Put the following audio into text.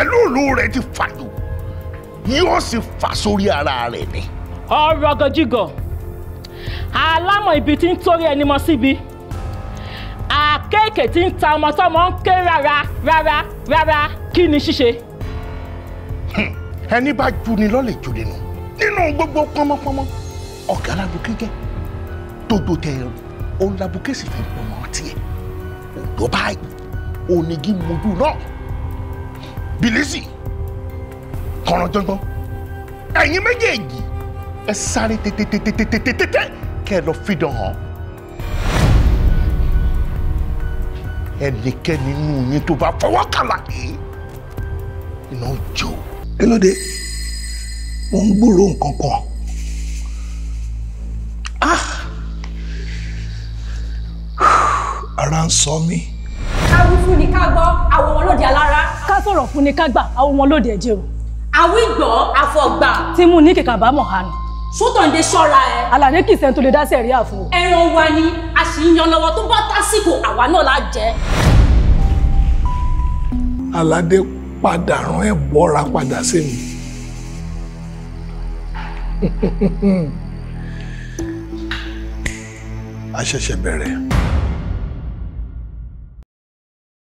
ẹlòlú rẹ ti fàjò yóò sì fà sórí ara rẹ ni. ọ̀rọ̀ gọjígọ̀ alámọ̀ ibi tí ń torí ẹni mọ síbi àkéèké tí ń ta ọmọ tọmọ ń ké rárá rárá rárá kí ni ṣíṣe. ẹni bá juni lọ́lẹ̀ jòdè nù nínú gbogbo pọ́nmọ́pọ́nmọ́ ọ̀gá alábùkẹ́ jẹ́ tójó tẹ ẹrù òun làbùkẹ́ sì fẹ́ pọ̀nmọ́ tiẹ̀ òdò báyìí onígi mojú náà bìlísì kọ̀ọ̀rọ̀ jọ́ngbọ́n ẹ̀yin méjèèjì ẹ sáré tètètètètètè kẹ́ ẹ lọ fìdán hàn ẹnikẹ́ni nínú yín tó bá fọwọ́ kàlà yìí iná jò. kí ló dé mo ń gbúròó nǹkan kan ah! ara ń sọ mí. ká wí fún ni ká gbọ́ àwọn ọlọ́dẹ alára ká sọ̀rọ̀ fún ni ká gbà àwọn ọmọ lóde ẹ̀jẹ̀ o. àwí gbọ́ àfọ̀gbà. tí mú ní kìkà bá mọ̀ hànú. sótòǹde ṣọ́ra ẹ. àlàyé kìí sẹ́ni tó lè dá sẹ́ẹ̀rí àfún. ẹran wa ni a sì ń yan lọ́wọ́ tó bá tásìkò àwa náà la jẹ. aládé padà rán ẹ bọ́ra padà sí mi. a ṣẹ̀ṣẹ̀ bẹ̀rẹ̀.